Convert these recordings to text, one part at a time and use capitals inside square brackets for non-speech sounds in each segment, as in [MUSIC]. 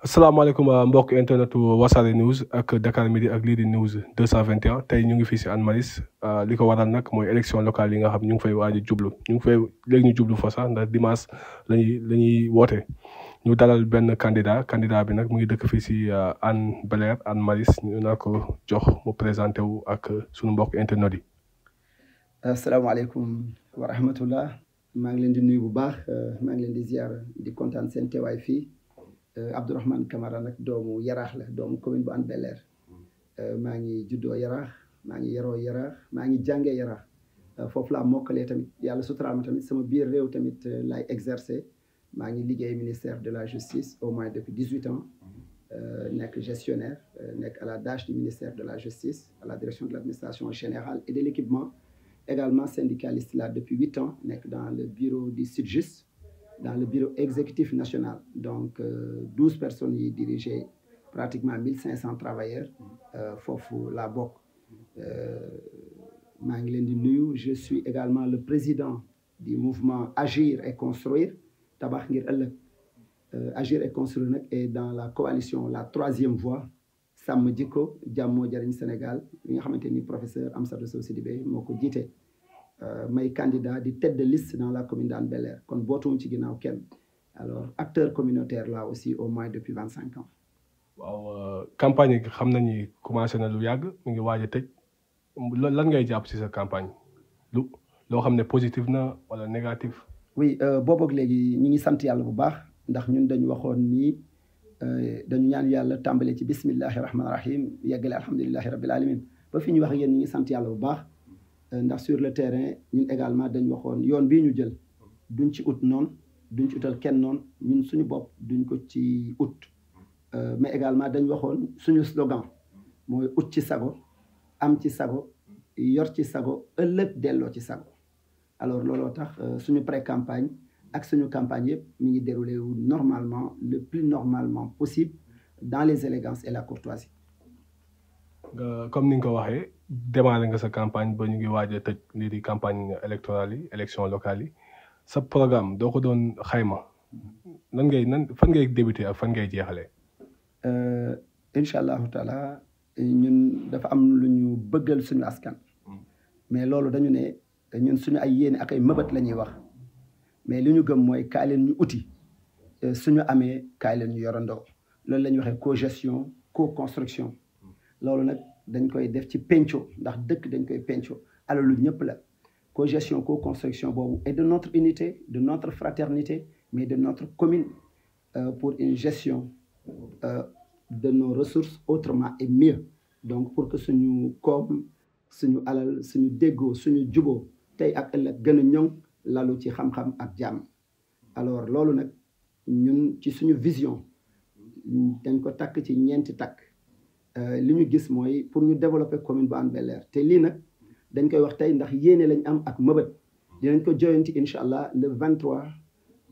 asalaamaaleykum euh, mbokk internetu wasaare news ak Dakar midi ak lii di news 221 tey ñu ngi fii si Hann Maristes euh, li ko waral nag mooy élection locale yi nga xam ñu ngi fay waaj a jublu ñu ngi fay léegi ñu jublu fa sax ndax dimanche lañuy woote ñu dalal benn candidat candidat bi nag mu ngi dëkk fii si euh, Hann Bel-Air Hann Maristes ñu naa jox mu présenté wu ak suñu mbokk internet yi. asalaamaaleykum wa rahmatullah maa ngi leen di nuyu bu baax maa ngi leen di ziar di kontaan seen teewaay fii. Euh, Abdourahmane Camara nag doomu yaraax la doomu commune bu Hann bel euh, maa ngi juddoo yaraax maa ngi yaroo yaraax maa ngi jàngee yaraax euh, foofu laa lee tamit yàlla suturaal ma tamit sama biir réew tamit laay exercer maa ngi liggéey ministère de la justice au moins depuis dix huit ans nekk gestionnaire nekk à la DAGE du ministère de la justice à la direction de l'administration générale et de l'équipement également syndicaliste là depuis huit ans nekk dans le bureau du SYTJUST dans le bureau exécutif national donc euh, douze personnes yi dirigé pratiquement mille cinq cent travailleurs euh, foofu la bokk euh, maa ngi leen di nuyu je suis également le président du mouvement Agir et Construire tabax ngir ëllëg Agir et Construire nag est dans la coalition la troisième voie sàmm jikko jàmmoo jariñ Sénégal li nga xamante ni professeur Amsatou Sow Sidibé moo ko jiite Euh, may candidat di tête de liste la commune d'Anne bel kon bootumu ci ginnaaw kenn alors acteur communautaire la aussi au mois depuis vingt cinq ans. waaw euh, campagne yi xam nañu commencé na lu yàgg mu ngi waaj a tëj lan ngay jàpp ci sa campagne lu loo xam ne positif na wala négatif. oui euh, boobu ak léegi ñu ngi sant yàlla bu baax ndax ñun dañu waxoon nii dañu ñaan yàlla tàmbale ci bismillahi rahmaani rahim yeggale alhamdulilahi rabil alamin ba fi ñu wax ak yéen ngi sant yàlla bu baax. Euh, ndax sur le terrain ñun également dañ waxoon yoon bii ñu jël duñ ci ut noonu duñ ci utal kenn noonu ñun suñu bopp duñ ko ci ut euh, mais également dañ waxoon suñu slogan mooy ut ci sago am ci sago yor ci sago ëllëg delloo ci sago alors looloo tax euh, suñu pré-campagne ak suñu campagne yëpp mi ngi déroulé wu normalement le plus normalement possible dans les élégances et la courtoisie. comme ni nga ko waxee. démarré nga sa campagne ba ñu ngi waaj a tëj lii di campagne électorale yi élection locale yi sa programme doo ko doon xayma nan ngay nan fan ngay débuté ak fan ngay jeexalee. Euh, incha allahu taala ñun dafa am lu ñu bëggal suñu askan. Hmm. mais loolu dañu ne ñun suñu ay yéene ak ay mëbët la ñuy wax mais li ñu gëm mooy kaay leen ñu uti euh, suñu amee kaay leen ñu yorandoo loolu la ñuy waxee co-gestion co-construction hmm. loolu nag. dañ koy def ci penco ndax dëkk dañ koy penco alalu ñëpp la cogestion ko construction boobu et de notre unité de notre fraternité mais de notre commune euh, pour une gestion euh, de nos ressources autrement et mieux donc pour que suñu koom suñu alal suñu déggoo suñu juboo tey ak ëllëg gën a ñoŋ lalu ci xam-xam ak jàmm alors loolu nag ñun ci suñu vision dañ ko takk ci ñeenti takk Euh, li ñu gis mooy pour ñu développer commune bu Hann bel te lii nag dañ koy wax tey ndax yéene lañ am ak mëbët dinañ ko joyanti incha allah le 23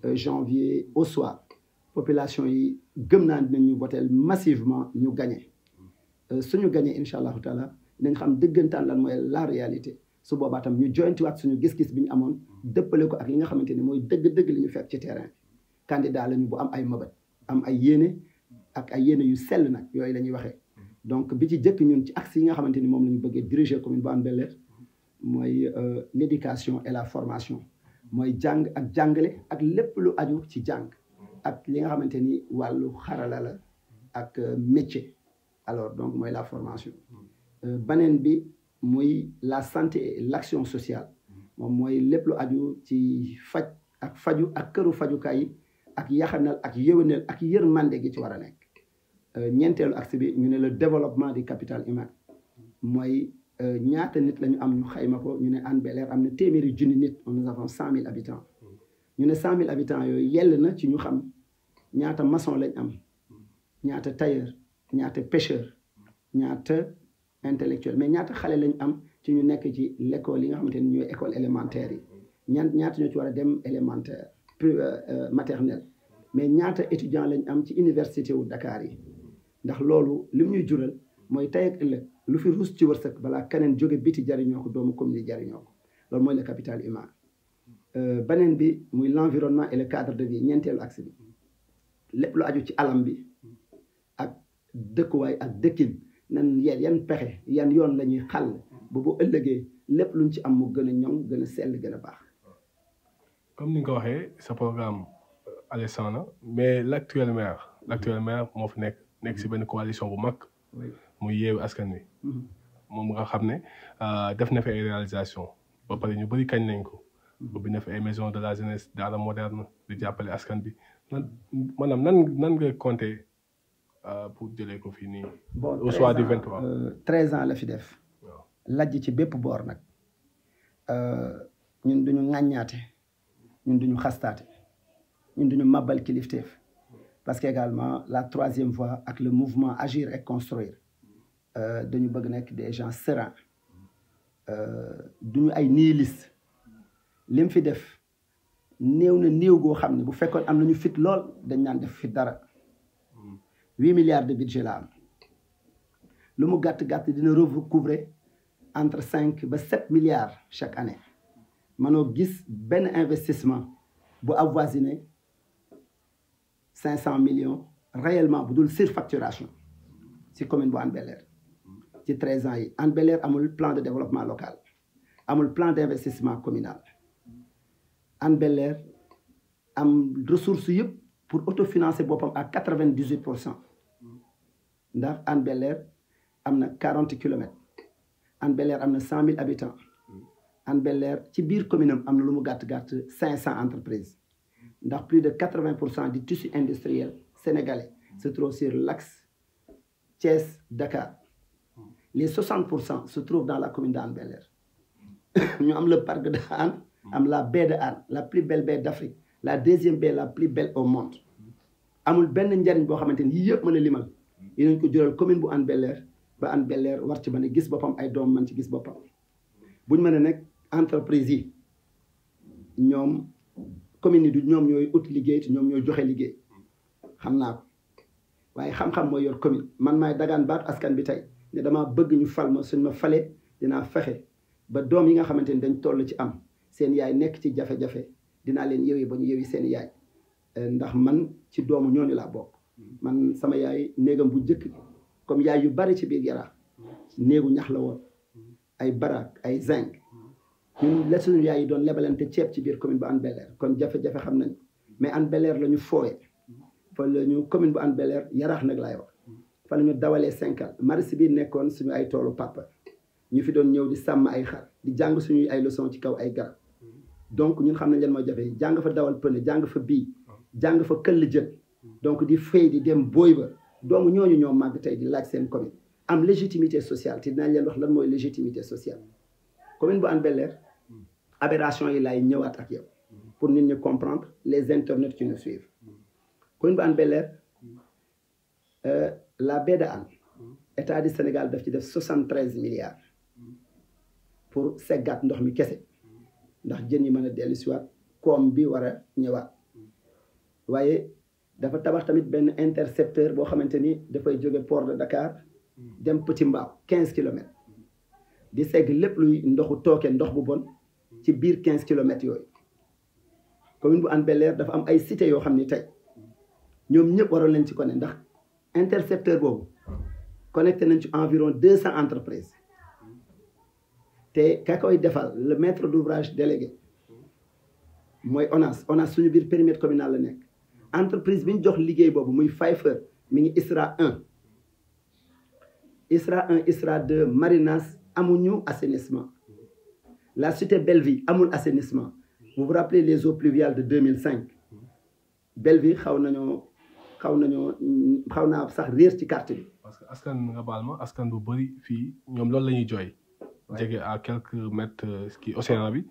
euh, janvier au soir population yi gëm naa dinañu voter massivement ñu gagné euh, suñu gagné incha allah taala dinañ xam dëggantaan lan mooy la réalité su boobaa tam ñu joyantiwaat suñu gis-gis bi ñu amoon dëppale ko ak li nga xamante ni mooy dëgg-dëgg li ñu fekk ci terrain bi candidat lañu bu am ay mëbët am ay yéene ak ay yéene yu sell nag yooyu la waxee donc bi ci jëkk ñun ci axe yi nga xamante ni moom la ñu bëggee diriger commune bu Hann mooy euh, l' éducation et la formation mooy jàng ak jàngale ak lépp lu aju ci jàng ak li nga xamante ni wàllu xarala la ak euh, métier alors donc mooy la formation euh, beneen bi mooy la santé et l' sociale moom mooy lépp lu aju ci faj ak faju ak këru fajukaay yi ak yaxanal ak yéwénal ak yërmande gi ci war a nekk Euh, ñeenteelu axe bi ñu ne le développement du capital humain mooy euh, ñaata nit lañu am ñu xayma ko ñu ne Hann Bel-Air am na téeméeri junni nit on nous avons cent mille habitants ñu ne cent mille habitants yooyu yell na ci ñu xam ñaata maçon lañ am ñaata tailleur ñaata pêcheur ñaata intellectuel mais ñaata xale lañ am ci ñu nekk ci l'école yi nga xamante ni ñu école élémentaire yi ñan ñaata ñoo ci war a dem élémentaire euh, maternelle mais ñaata étudiant lañ am ci université wu Dakar yi ndax loolu lim ñuy jural mooy tey ëllëg lu fi ruus ci wërsëg balaa keneen jóge biti jariñoo ko doomu comme ni jariñoo ko loolu mooy le capital humain euh, beneen bi muy l'environnement et le cadre de vie ñeenteelu axe lépp lu aju ci alam bi ak dëkkuwaay ak dëkkin nan yan yan pexe yan yoon lañuy xal xàll ba bu ëllëgee lépp luñ ci am mu gën a ñoŋ gën a sell gën a baax comme ni nga ko waxee sa programme euh, Alé Sandra mais l'actuel maire l'actuel maire moo fi nekk nekk si benn coalition bu mag. mu yeewu askan wi. Mhm. moom nga xam ne euh, def na fi réalisation ba pare ñu bëri kañ nañ ko. Mhm. ubbi na fi maison de la jeunesse daara moderne di jàppale askan bi nan maanaam nan nan nga compter euh, pour jëlee ko fii nii. bon au soir du 23 euh, treize ans la fi def. lajj ci bépp boor nag ñun duñu ŋàññaate ñun duñu xastaate ñun duñu mabal kilifteef parce que également la troisième voie ak le mouvement agir et construire euh, dañu bëgg nekk des gens sereins euh, duñu ay nihiliste li fi def néew na néew goo xam ne bu fekkoon am nañu fit lool dañ naan def fit dara huit milliards de budget la am lu mu gàtt gàtt dina recouvrer entre cinq ba sept milliards chaque année manoo gis benn investissement bu avoisiné cinq cent millions réellement bu dul surfacturation si commune bu Hann bel ci treize ans yi Hann Bel-Air amul plan de développement local amul plan d' investissement communal Hann Bel-Air am ressources yëpp pour financer boppam à quatre vingt dix huit pour cent ndax Hann bel am na quarante kilomètres Hann bel am na cent mille habitants Hann bel ci biir commune am na lu mu gàtt gàtt cinq cent entreprises ndax plus de quatre-vingt pour cent di tissu industriel sénégalais se trouve sur lax Thiès Dakar les soixante pour cent se trouvent dans la commune de Hann bel [COUGHS] ñu am le parc de Hann am la baie de Hann la plus belle baie d'Afrique la deuxième baie la plus belle au monde amul benn njariñ boo xamante ni yii yëpp mën a limal dinañ ko jural commune bu Hann bel ba Hann Bel-Air ci mën a gis boppam ay doom man ci gis boppam buñ mën a nekk entreprise yi commune yi du ñoom ñooy ut liggéey te ñoom ñoo joxe liggéey xam naa ko waaye xam-xam mooy yor commune man maay dagaan baat askan bi tey ne damaa bëgg ñu fal ma suñ ma falee dinaa fexe ba doom yi nga xamante ni dañ toll ci am seen yaay nekk ci jafe-jafe dinaa leen yewi ba ñu yewi seen yaay eh, ndax man ci doomu ñooñu laa bokk man sama yaay néegam bu njëkk comme yaay yu bari ci biir Yaraax néegu ñax la woon ay barak ay zinc ñun la suñu yaay yi doon lebalante ceeb ci biir commune bu Hann bel kon jafe-jafe xam nañ mais an Bel-Air la ñu fooye fa la ñu commune bu Hann bel yaraax nag laay wax fa la ñu dawalee Sénégal marché bi nekkoon suñu ay toolu papa ñu fi doon ñëw di sàmm ay xar di jàng suñuy ay leçon ci kaw ay garab donc ñun xam nañ leen mooy jafe yi jàng fa dawal jàng fa bii jàng fa këll jën donc di fay di dem booy ba donc ñooñu ñoo màgg tey di laaj seen commune am légitimité sociale dinañ leen wax lan mooy légitimité sociale commune bu Hann bel aberration yi laay ñëwaat ak yow pour nit ñi comprendre les internautes qui nous suivent Colline bu Hann Bel-Air euh, la baie de état du Sénégal daf ci def soixante treize milliards pour seggaat ndox mi kese ndax jën yi mën a dellu siwaat koom bi war a ñëwaat waaye dafa tabax tamit benn intercepteur boo xamante ni dafay jóge port de Dakar dem Petit Mbao quinze kilomètres di segg lépp luy ndoxu tooke ndox bu bon ci biir quinze kilomètres yooyu commune bu Hann bel dafa am ay cité yoo xam ni tey ñoom ñëpp waroon nañ ci ko ne ndax intercepteur boobu connecté nañ ci environ deux cent entreprises te ka koy defal le maître d'ouvrage délégué mooy ONAS ONAS suñu biir périmètre communal la nekk entreprise bi ñu jox liggéey boobu muy Pfeiffer mi ngi ISRA 1 ISRA 1 ISRA 2 Marinas amuñu assainissement la cité Belleville amul assainissement vous vous rappelez les eaux pluviales de 2005 Belleville xaw nañoo xaw nañoo xaw naa sax réer ci quartier bi. parce que askan nga baal ma askan bu bëri fii ñoom loolu la ñuy jooy. jege à quelques mètres kii euh, océan bi.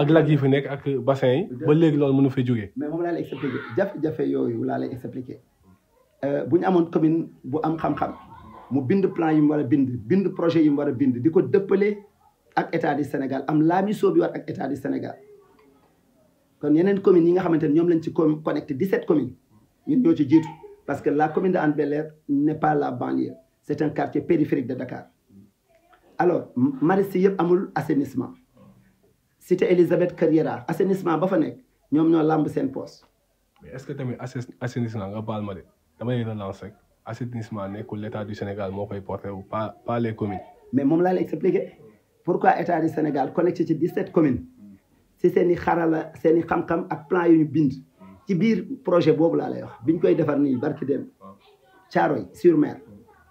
ak lac yi fi nekk ak bassin yi. ba léegi loolu mënu fee jógee. mais moom laa lay expliqué jafe yooyu laa lay expliqué euh, bu ñu amoon commune bu am xam-xam mu bind plan yi mu a bind bind projet yi mu a bind di ko dëppale. ak état du Sénégal am laami soo bi war ak état du Sénégal kon yeneen commune yi nga xamante ne ñoom lañ ci connecté 17 communes ñun ñoo ci jiitu parce que la commune de Hann Bel-Air n'est pas la banlieue c'est un quartier périphérique de Dakar alors Maristes yëpp amul assainissement cité Elisabeth Kër Yara assainissement ba fa nekk ñoom ñoo làmb seen poste. mais est-ce que tamit assainissement nga baal ma de dama leen relance rek assainissement nekkul l'état du Sénégal moo koy porté ou pas pas les la pourquoi état di Sénégal connecté ci 17 communes si seen i xarala seeni i xam-xam ak plan yu bind ci biir projet boobu laa lay wax biñ koy defar nii barki dem Thiaroye sur mer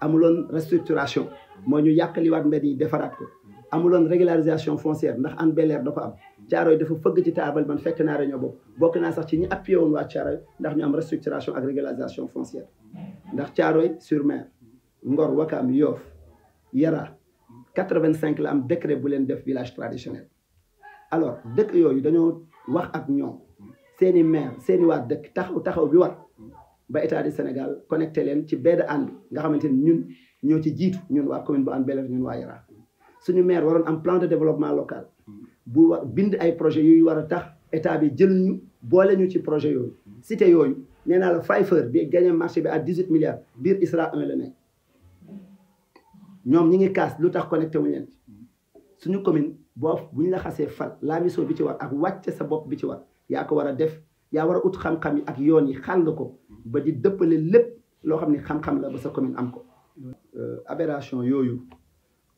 amuloon restructuration moo ñu yàqaliwaat mbedd yi defaraat ko amuloon régularisation foncière ndax am Bel-Air da ko am Thiaroye dafa fëgg ci taabal man fekk naa réunion boob bokk naa sax ci ñi appuyé woon waa Thiaroye ndax ñu am restructuration ak régularisation foncière ndax Thiaroye sur mer Ngor Wakam Yoff Yara quatre-vingt-cinq la am décret bu leen def village traditionnel alors dëkk yooyu dañoo wax ak ñoom seeni maire seeni waa dëkk taxaw taxaw bi war ba état du Sénégal connecté leen ci baie de nga xamante ni ñun ñoo ci jiitu ñun waa commune bu Hann bel ñun waa Yaraax suñu maire waroon am plan de développement local bu war bind ay projets yooyu war a tax état bi jël ñu boole ñu ci projet yooyu te yooyu nee naa la Pfeiffer bi gagné marché bi à dix-huit milliards biir ISRA 1 la nekk ñoom ñi ngi kaas lu tax connecté wuñu leen suñu commune boo bu ñu laxasee xasee fal la mission bi ci war ak wàcce sa bopp bi ci war yaa ko war a def yaa war a ut xam-xam yi ak yoon yi nga ko ba di dëppale lépp loo xam ne xam-xam la ba sa commune am ko euh, aberration yooyu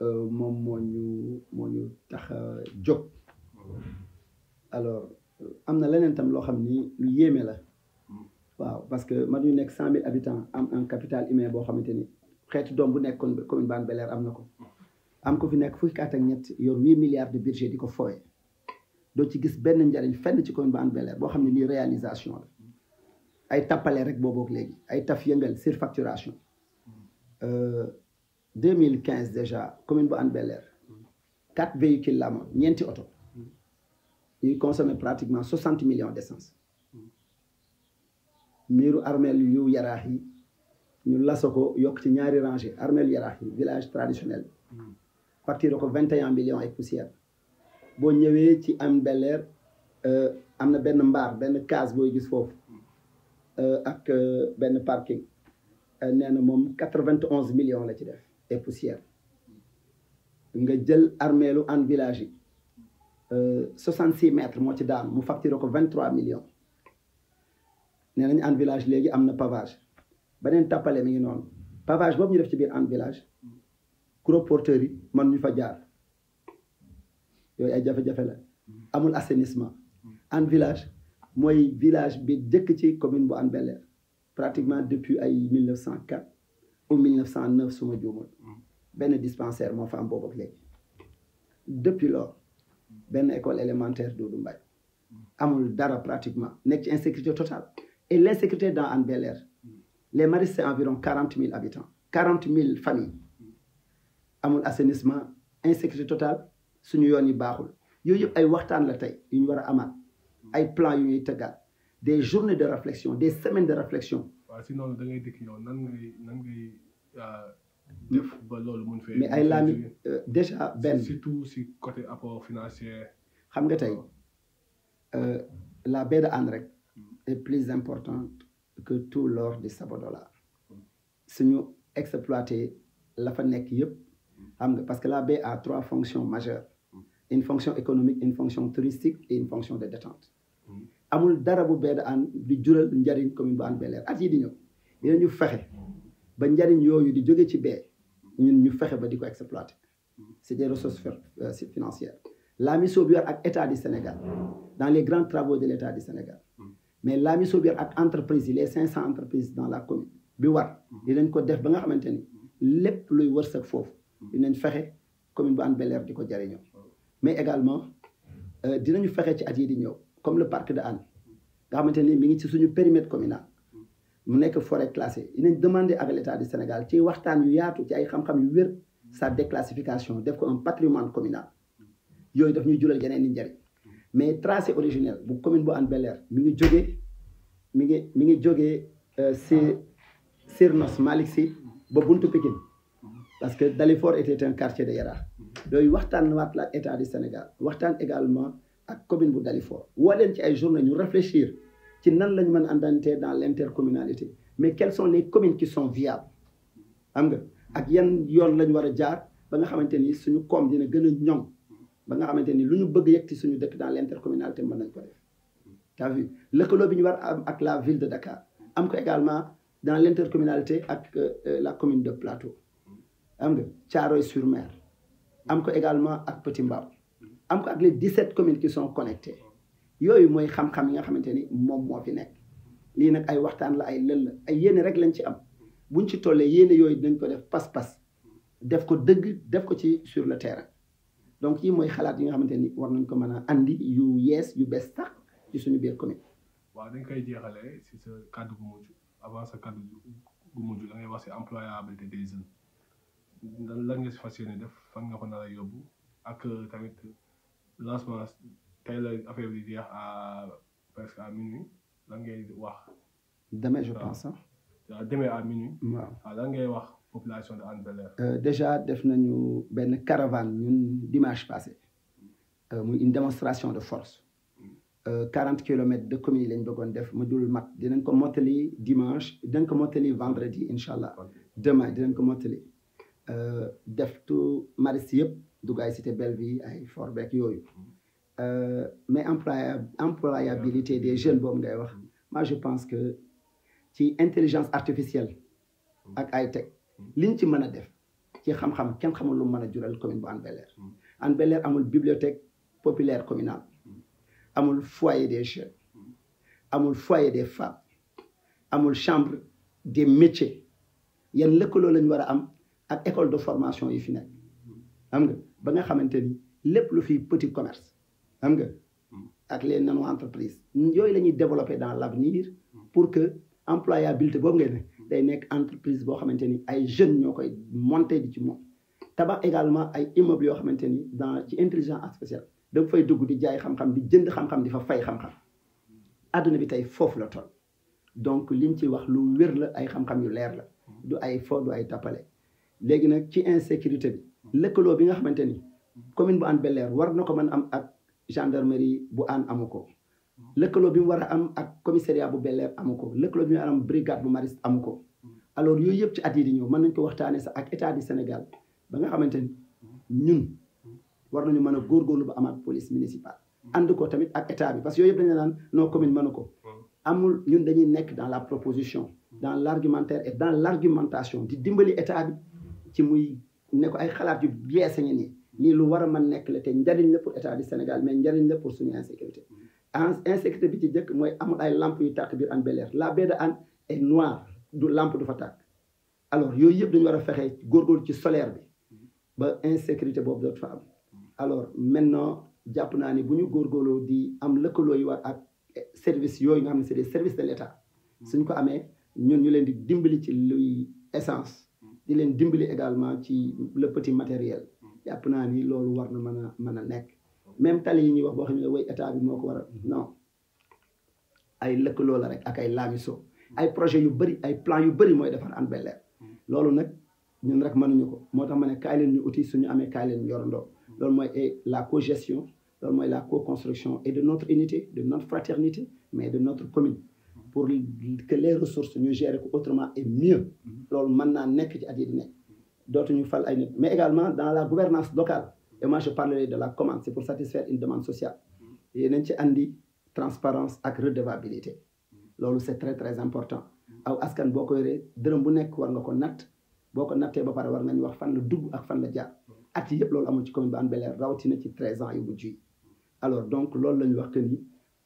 euh, moom moo ñu moo tax a jóg alors euh, am na leneen tam loo xam ni lu yéeme la mm. waaw parce que man ñu nekk cent mille habitants am un capital humain boo xamante ni xeetu doom bu nekk commune Hann Bel-Air am na ko am ko fi nekk fukki at ak ñett yor huit milliards de budget di ko fooye doo ci gis benn njariñ fenn ci commune Hann Bel-Air boo xam ne lii réalisation la ay tappale rek boobook léegi ay taf yëngal surfacturation euh, deux mille quinze déjà commune bu Hann Bel-Air quatre véhicules la ñeenti oto ñuy consommer pratiquement soixante millions d'essence miiru armeel yu yaraax yi ñu laso ko yokk ci ñaari rangée armel yaraax yi village traditionnel hmm. partir ko vingt et un millions et poussière boo ñëwee ci am beller euh, am na benn mbaar benn case booy gis foofu euh, ak euh, benn parking nee na moom quatre vingt onze million la ci def et poussière nga jël armeelu an village yi soixante six mètres moo ci daan mu facturé ko vingt trois millions nee nañ an village léegi am na pavage beneen tàppale mi ngi noonu pavage boobu ñu def ci biir Hann Village gros porteurs yi man ñu fa jaar yooyu ay jafe-jafe la amul assainissement Hann Village mooy village bi dëkk ci commune bu Hann Bel-Air pratiquement depuis ay 1904 ou 1909 su ma juumul benn dispensaire moo fa am boobu ak depuis lors benn école élémentaire Doudou Mbaye amul dara pratiquement nekk ci insécurité totale et l'insécurité dans Hann Bel-Air les Maristes c'est environ quarante mille habitants quarante mille familles amul assainissement insécurité totale suñu yoon yi baaxul yooyu ay waxtaan la tey yu ñu war a amaat ay plan yu ñuy tëggaat des journées de réflexion des semaines de réflexion. si noonu da ngay dikk yow nan euh, loolu mun fee. mais ay laami euh, déjà benn. surtout si côté apport financier. xam nga tey euh, la baie de Hann rek hmm. est plus important que tout l'or di Sabodala suñu exploité la fa nekk yëpp xam nga parce que la baie a trois fonctions majeures une fonction économique une fonction touristique et une fonction de détente amul dara bu baie de Hann di jural njariñ commune bu Hann Bel-Air at yi di ñëw dinañu fexe ba njariñ yooyu di jóge ci baie ñun ñu fexe ba di ko exploité c'est des ressources euh, financières la mission bi war ak état du Sénégal dans les grands travaux de l'état du Sénégal mais la mise au ak entreprise yi les cinq cent entreprises dans la commune bi war mhm. nañ ko def ba nga xamante ni lépp luy wërsëg foofu mhm. dinañ fexe commune bu Hann Bel-Air di ko jariñoo oh. mais également euh, dinañu fexe ci at yi di ñëw comme le parc de an nga xamante ni mi ngi ci suñu périmètre communal mm. mu nekk forêt classée dinañ demander ak l'état du Sénégal ci waxtaan yu yaatu ci ay xam-xam yu wér sa déclassification def ko un patrimoine communal mm. yooyu daf ñuy jural yeneen i njariñ mais tracé originel bu commune bu Hann Bel-Air mi ngi jógee mi ngi mi ngi jógee euh, Sir ah. Sirnos Malick Sy ba buntu Pikine mm-hmm. parce que Dalifort était un quartier de Yara mm-hmm. yooyu waxtaan waat la état de Sénégal waxtaan également ak commune bu Dalifort woo leen ci ay journée ñu réfléchir ci nan la ñu mën àndante dans l'intercommunalité mais quelles sont les communes qui sont am nga ak yan yoon la ñu war a jaar ba nga xamante ni suñu koom dina gën a ñoŋ ba nga xamante ni lu ñu bëgg yegg ti suñu dëkk dans l' intercommunalité mën nañ ko def t'as vu lëkkaloo bi ñu war am ak la ville de Dakar am ko également dans l' intercommunalité ak euh, euh, la commune de Plateau am nga Thiaroye-sur-Mer am ko également ak Petit Mbao am ko ak les 17 communes qui sont connectées yooyu mooy xam-xam yi nga xamante ni moom moo fi nekk lii nag ay waxtaan la ay lël la ay yéene rek lañ ci am buñ ci tollee yéene yooyu dañ ko def pas-pas def ko dëgg def ko ci sur le terrain donc yi mooy xalaat yi nga xamante ni war nañ ko mën a andi yu yees yu bees sax ci suñu biir commune. waaw dañ koy jeexalee si sa kàddu gu mujj avant sa kàddu gu mujj la wax si employabilité des jeunes lan nga si fas yéene def fan nga ko yóbbu ak euh, tamit lancement tey la affaire bi jeex à presque à minuit wax. demain je pense demee à minuit. waaw ah, lan ngay wax. population de Hann euh, déjà def nañu benn caravane ñun dimanche passé euh, muy une démonstration de force euh, quarante kilomètres de communes yi lañ bëggoon def mu dul mat dinañ ko mottali dimanche dinañ ko mottali vendredi incha allah demain dinañ ko mottali def tout maris yëpp dugg ay cité belle vie ay Fort Bec yooyu mais employa employabilité des jeunes boobu ngay wax mm. moi je pense que ci intelligence artificielle ak ay teg li ñu ci mën a def ci xam-xam kenn xamul lu mën a jural commune bu Hann Bel-Air hmm. Hann bel amul bibliothèque populaire communale hmm. amul foyer des jeunes hmm. amul foyer des femmes amul chambre des métiers yan lëkkaloo lañ war a am ak école de formation yi fi nekk xam nga ba nga xamante ni lépp lu fi petit commerce xam nga ak les nano entreprises yooyu la ñuy développer dans l'avenir pour que employabilité boobu ngay ne day nekk entreprise boo xamante ni ay jeunes ñoo koy monte di ci moom tabax également ay immeubles yoo xamante ni dans ci intelligence artificielle da fay dugg di jaay xam-xam di jënd xam-xam di fa fay xam-xam àdduna bi tey foofu la toll donc liñ ci wax lu wér la ay xam-xam yu leer la du ay fo du ay tappale léegi nag ci insécurité bi lëkkaloo bi nga xamante ni commune bu Hann Bel-Air war na ko mën am ak gendarmerie bu Hann amu ko lëkkaloo bi mu war a am ak commissariat bu Bel Air amu ko lëkkaloo bi mu war a am brigade bu Maristes amu ko alors yooy yëpp ci at yi di ñëw mën nañ ko waxtaanee sax ak état du Sénégal ba nga xamante ni ñun war nañu mën a góorgóorlu ba amaat police municipale. ànd ko tamit ak état bi parce que yooyu yëpp dañu naan non commune mënu ko. amul ñun dañuy nekk dans la proposition. dans l' argumentaire et dans l' argumentation di dimbali état bi ci muy nekko ay xalaat yu bees a ngi nii. lu war a mën nekk la te njariñ la pour état du Sénégal mais njariñ la pour suñu insécurité. insécurité bi ci jëkk mooy amul ay làmp yu tàkk biir Hann Bel-Air la baie de Hann est du làmp du fa tàkk alors yooyu yëpp dañu war a fexe góorgóorlu ci solaire bi ba insécurité boobu dootu fa am alors maintenant jàpp naa ni bu ñu góorgóorloo di am lëkkaloo yu war ak service yooyu nga xam ne c'est des services de l'État suñ ko amee ñun ñu leen di dimbali ci luy di leen dimbali également ci le petit matériel jàpp naa ni loolu war na mën mën a nekk même tali yi ñuy wax boo xam ne way état bi moo ko waral mm-hmm. non ay lëkkaloo la rek ak ay laamiso ay projet yu bëri ay plan yu bëri mooy defar an bel mm-hmm. loolu nag ñun rek mënuñu ko moo tax ma ne kaay leen ñu outil suñu amee kaay leen yorandoo mm-hmm. loolu mooy eh, la co-gestion loolu mooy la co-construction et de notre unité de notre fraternité mais de notre commune pour que les ressources ñu gérer ko autrement et mieux loolu mën naa nekk ci at yi di nekk dootuñu fal ay nit également dans la gouvernance locale Et moi, je parlerai de la commande. C'est pour satisfaire une demande sociale. yeneen mm. ci andi transparence ak redevabilité. Mm. loolu c'est très très important. aw askan boo ko yoree dërëm bu nekk war nga ko natt boo ko nattee ba pare war nga ñu wax fan la dugg ak fan la jaar. Mm. at yëpp loolu amul ci commune bu Hann Bel-Air rawatina ci 13 ans yu mujj yi. alors donc loolu la ñu wax que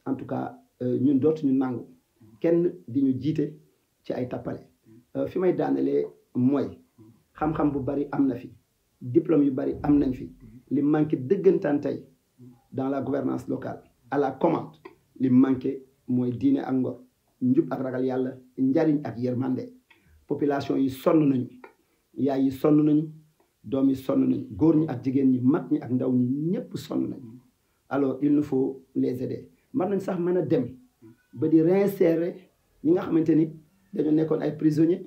en tout cas euh, ñun dootuñu nangu kenn di ñu jiite ci ay tappale. Euh, fi may daanelee mooy bu bari am na fi diplôme yu bari am nañ fi. li manqué dëggantaan tey dans la gouvernance locale à la commande li manqué mooy diine ak ngor njub ak ragal yàlla njariñ ak yërmande population yi sonn nañu yaay yi sonn nañu doom yi sonn nañu góor ñi ak jigéen ñi mag ñi ak ndaw ñi ñëpp sonn nañu alors il nous faut les aider man nañ sax mën a dem ba di réinsérer ñi nga xamante ni dañoo nekkoon ay prisonniers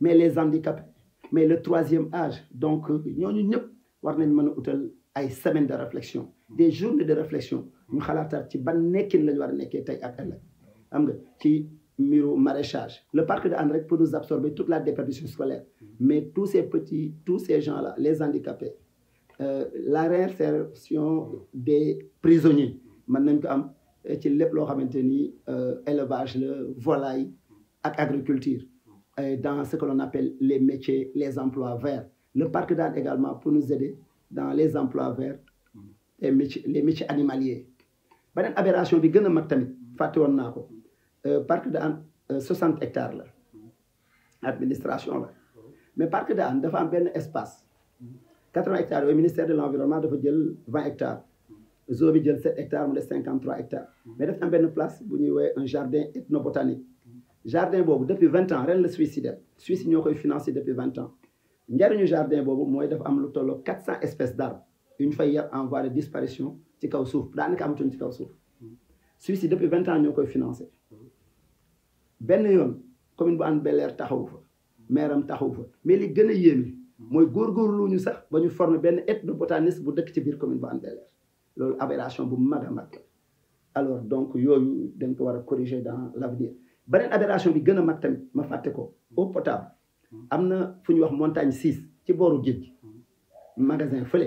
mais les handicapés mais le troisième âge donc ñooñu ñëpp war nañ mën a utal ay semaines de réflexion des journées de réflexion ñu xalaataat ci ban nekkin lañu war a nekkee tey ak ëllëg xam nga ci mbiru maraîchage le parc de Hann pour peut nous absorber toute la déperdition scolaire mais tous ces petits tous ces gens là les handicapés euh, la réinsertion des prisonniers mën nañ ko am ci lépp loo xamante ni euh, élevage la volaille ak agriculture dans ce que l'on appelle les métiers les emplois verts le parc d'Anne également pour nous aider dans les emplois verts les métiers les métiers animaliers beneen aberration bi gën a mag tamit fàtte woon naa ko euh, parc d'Anne euh, 60 hectares la administration la mais parc d'Anne dafa am benn espace 80 hectares yooyu ministère de l'environnement dafa jël 20 hectares zoo bi jël 7 hectares mu des 53 hectares mais dafa am benn place bu ñuy woowee un jardin ethnobotanique jardin boobu depuis 20 ans ren la Suisse yi def ñoo koy financé depuis 20 ans njariñu jardin boobu mooy dafa am lu tolloo quatre cent espèces d'arbres yu ñu fay yar en voie de disparition ci kaw suuf daanaka amatuñ ci kaw suuf suuf si depuis vingt ans ñoo koy financé benn yoon commune bu Hann Bel-Air taxawu fa maire am taxawu fa mais li gën a yéeme mooy góor góor lu ñu sax ba ñu former benn ethnobotaniste bu dëkk ci biir commune bu Hann bel loolu aberration bu mag a mag la alors donc yooyu dañ ko war a corriger dans l' avenir beneen bi gën a mag ma fàtte ko eau am na fu ñuy wax montagne six ci booru géej magasin fële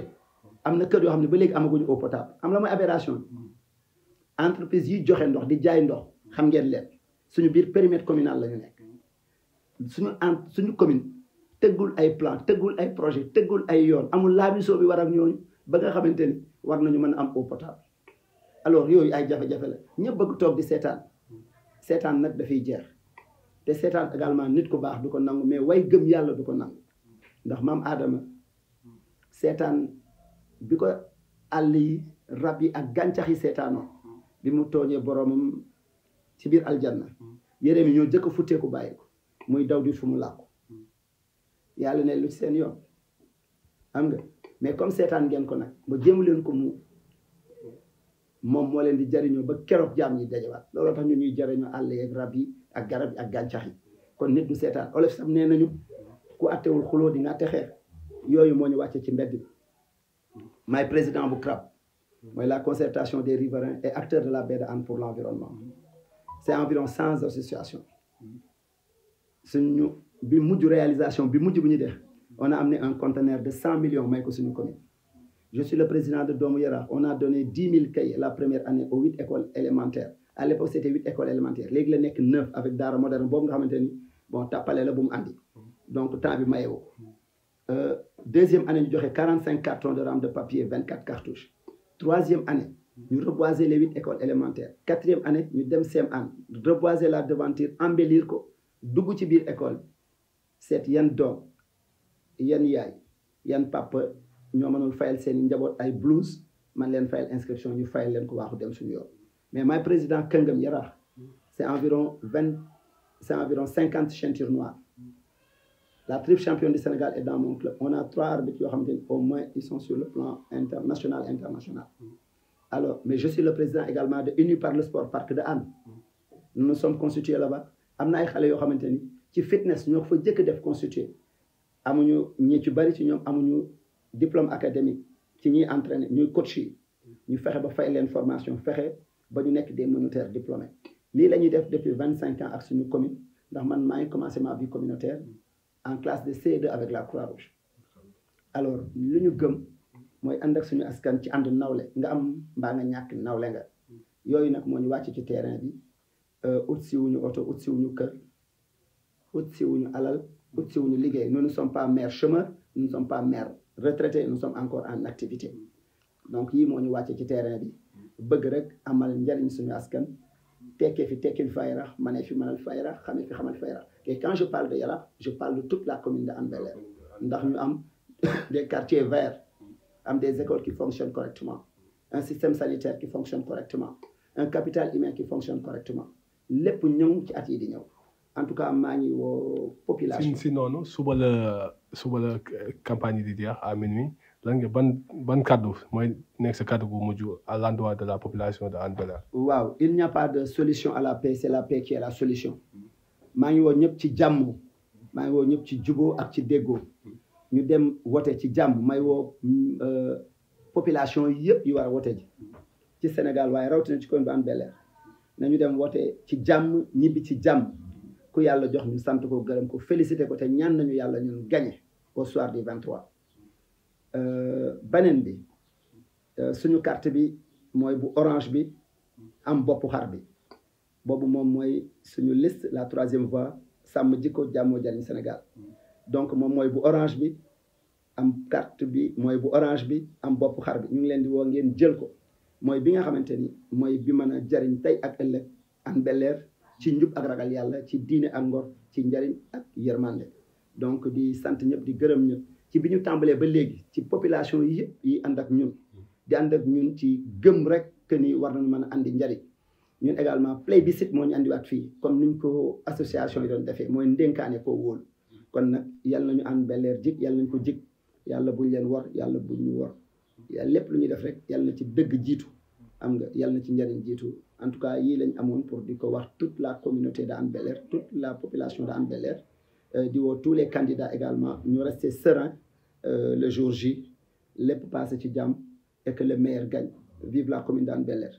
am na kër yoo xam ne ba léegi amaguñu eau potable am la mooy aberration entreprise yi joxe ndox di jaay ndox xam ngeen leen suñu biir périmètre communal la ñu nekk suñu en suñu commune tëggul ay plan tëggul ay projet tëggul ay yoon amul laabisoo bi war ak ñooñu ba nga xamante ni war nañu mën a am eau potable alors yooyu ay jafe-jafe la ñëpp bëgg toog di seetaan seetaan nag dafay jeex te seetaan également nit ku baax du ko nangu mais way gëm yàlla du ko nangu ndax maam aadama seetaan bi ko àll yi rab yi ak gàncax yi seetaanoo bi mu tooñee boroomam ci biir aljanna yére mi ñoo jëkk futteeku bàyyi ko muy daw di fu mu làqu yàlla ne lu seen yoon am nga mais comme seetaan ngeen ko nag ba jéemu ko mu moom moo leen di jariñoo ba keroog jaam ñi dajewaat looloo tax ñu ñuy jariñoo àll yeeg rab yi ak garab yi ak gàncax yi kon nit du seetaan olof sam nee nañu ku attewul xuloo di nga atte xeex yooyu moo ñu wàcce ci mbedd bi maay président bu CRAB mooy la concertation des riverains et acteurs de la baie de Hann pour l'environnement c'est environ cent associations ñu bi mujj réalisation bi mujj bu ñu def on a amené un conteneur de cent millions may ko suñu commune Je suis le président de Domo Yara. On a donné 10 000 cahiers la première année aux 8 écoles élémentaires. À l'époque, c'était 8 écoles élémentaires. Léegi la nekk 9 avec Daara moderne boobu nga xamante ni bon tàppale la bu mu donc temps bi mayewoo euh, deuxième année ñu joxe 45 cartons de rame de papier 24 cartouches. troisième année ñu reboiser les huit écoles élémentaires quatrième année ñu dem sem an reboiser la devanture embellir ko dugg ci biir école bi yan doom yan yaay ñoo man u fayal seen njaboot ay blouse man leen fayal inscription ñu fayal leen ko waaxu dem suñu yoon mais may président këngam yaraax c' est environ vingt c' est environ cinquante ceintures noires la triple championne du Sénégal est dans mon club on a trois arbitres yoo xam ni au moins ils sont sur le plan international international alors mais je suis le président également de Unis par le sport parc de Hann nous nous sommes constitués là am na ay xale yoo xamante ni ci fitness ñoo ko fa jëkk def constitué amuñu ñi ci bari ci ñoom amuñu diplôme académique ci ñuy entraîner ñuy coach yi ñu fexe ba fay leen formation fexe ba ñu nekk des moniteurs diplômés lii la ñuy def depuis vingt cinq ans ak suñu commune ndax man maa ngi commencé ma vie communautaire en classe de CE2 avec la Croix-Rouge alors lu ñu gëm mooy ànd ak suñu askan ci ànd nawle nga am mbaa nga ñàkk nawle nga yooyu nag moo ñu wàcc ci terrain bi euh, ut si wuñu oto ut si ñu kër ut si wuñu alal ut si wuñu liggéey nous ne sommes pas maire chômeur retraité nous sommes encore en activité donc yii moo ñu wàcce ci terrain bi bëgg rek amal njariñ suñu askan tekkee fi tekkil fayra manee fi manal fayra xamee fi xamal fayra et quand je parle de Yala je parle de toute la commune de Hann ndax ñu am [COUGHS] des quartiers verts am des écoles qui fonctionnent correctement un système sanitaire qui fonctionne correctement un capital humain qui fonctionne correctement lépp ñëw ci at yi di ñëw en tout cas maa ngi woo population si si suba la suba la campagne di jeex à minuit lan ban ban kàddu mooy nekk sa kàddu bu mujj à l'endroit de la population de Hann bel waaw il n'y a pas de solution à la paix c'est la paix qui est la solution maa ngi woo ñëpp ci jàmm maa ngi woo ñëpp ci juboo ak ci déggoo ñu dem wote ci jàmm may woo euh, population yëpp yu war a ci Sénégal waaye rawatina ci commune bu Hann Bel-Air nañu dem wote ci jàmm ñibbi ci jàmm ku yàlla jox ñu sant ko gërëm ko félicité ko te ñaan nañu yàlla ñun gagné au soir du 23. Euh, beneen bi euh, suñu carte bi mooy bu orange bi am boppu xar bi boobu moom mooy suñu liste la troisième voie sàmm jikko jàmmoo jariñ Sénégal donc moom mooy bu orange bi am carte bi mooy bu orange bi am boppu xar bi ñu ngi leen di woo ngeen jël ko mooy bi nga xamante ni mooy bi mën a jariñ tey ak ëllëg Hann bel ci njub ak ragal yàlla ci diine ak ngor ci njariñ ak yërmande donc di sant ñëpp di gërëm ñëpp ci bi ñu tàmbalee ba léegi ci population yi yëpp yi ànd ak ñun di ànd ñun ci gëm rek que ni war nañu mën a andi njariñ ñun également plébiscite moo ñu andiwaat fii kon niñ ko association yi doon defee mooy ndénkaane ko wóolu kon nag yàlla nañu am belleer jig yàlla nañ ko jig yàlla buñ leen war yàlla buñ ñu war lépp lu ñuy def rek yàlla na ci dëgg jiitu am nga yàlla na ci njariñ jiitu en tout cas yii lañ amoon pour di ko wax toute la communauté de Hann Bel-Air toute la population de Hann Bel-Air euh, di woo tous les candidats également ñu rester serein euh, le jour J lépp passé ci jàmm et que le meilleur gagne vive la commune de Hann bel